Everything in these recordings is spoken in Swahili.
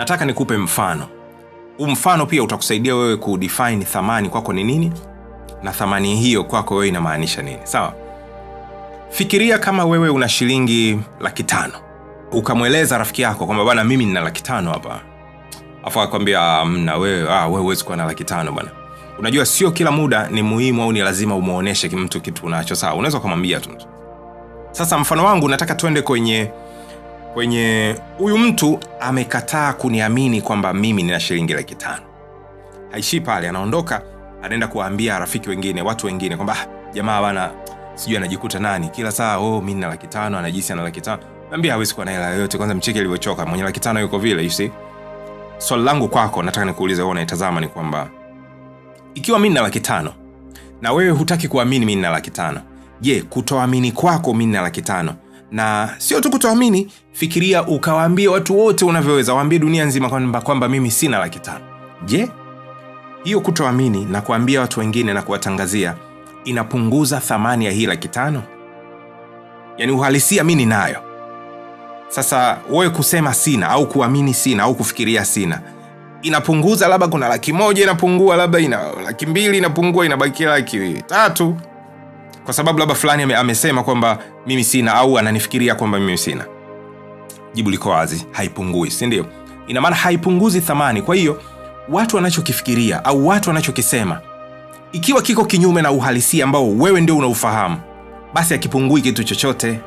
Nataka nikupe mfano. Huu mfano pia utakusaidia wewe kudefine thamani kwako ni nini na thamani hiyo kwako wewe inamaanisha nini, sawa? Fikiria kama wewe una shilingi laki tano ukamweleza rafiki yako kwamba bana mimi nina laki tano hapa, afu akwambia mna mm, wewe, ah, wewe huwezi kuwa na laki tano bana Unajua sio kila muda ni muhimu au ni lazima umwonyeshe mtu kitu unacho, sawa? Unaweza ukamwambia tu. Sasa mfano wangu nataka twende kwenye kwenye huyu mtu amekataa kuniamini kwamba mimi nina shilingi laki tano. Haishii pale, anaondoka anaenda kuwaambia rafiki wengine, watu wengine kwamba ah, jamaa bana, sijui anajikuta nani kila saa, oh, mi nina laki tano, anajisi ana laki tano. Naambia awezi kuwa na hela yoyote, kwanza mcheke alivyochoka mwenye laki tano yuko vile. You see, swali langu kwako, nataka nikuulize wewe unaitazama, ni kwamba ikiwa mi nina laki tano na wewe hutaki kuamini mi nina laki tano, je, kutoamini kwako mi nina laki tano na sio tu kutoamini, fikiria ukawaambia watu wote unavyoweza, waambie dunia nzima kwamba kwamba mimi sina laki tano. Je, hiyo kutoamini na kuambia watu wengine na kuwatangazia inapunguza thamani ya hii laki tano? Yaani uhalisia mi ninayo. Sasa wewe kusema sina au kuamini sina au kufikiria sina inapunguza, labda kuna laki moja inapungua, labda ina laki mbili inapungua, inabakia laki tatu kwa sababu labda fulani amesema kwamba mimi sina au ananifikiria kwamba mimi sina. Jibu liko wazi, haipungui, si ndio? Ina maana haipunguzi thamani. Kwa hiyo watu wanachokifikiria au watu wanachokisema, ikiwa kiko kinyume na uhalisia ambao wewe ndio unaufahamu, basi akipungui kitu chochote.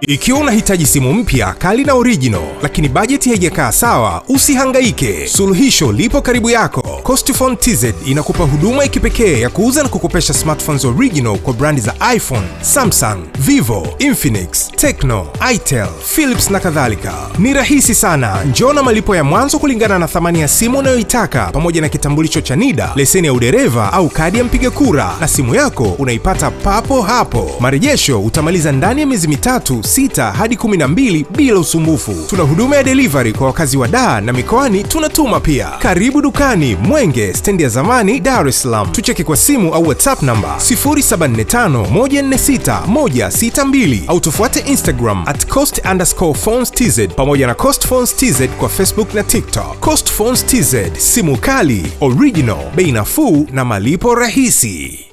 Ikiwa unahitaji simu mpya kali na original, lakini bajeti haijakaa sawa, usihangaike, suluhisho lipo karibu yako. Costphone TZ inakupa huduma ya kipekee ya kuuza na kukopesha smartphones original kwa brandi za iPhone, Samsung, Vivo, Infinix, Tecno, Itel, Philips na kadhalika. Ni rahisi sana, njoo na malipo ya mwanzo kulingana na thamani ya simu unayoitaka pamoja na kitambulisho cha NIDA, leseni ya udereva au kadi ya mpiga kura, na simu yako unaipata papo hapo. Marejesho utamaliza ndani ya miezi mitatu 6 hadi 12 bila usumbufu. Tuna huduma ya delivery kwa wakazi wa Dar na mikoani, tunatuma pia. Karibu dukani Mwenge, stendi ya zamani, Dar es Salaam. kwa simu au WhatsApp namba 0745146162 au tufuate Instagram at cost underscore phones tz pamoja na cost phones tz kwa Facebook na TikTok. Cost phones tz, simu kali original, bei nafuu na malipo rahisi.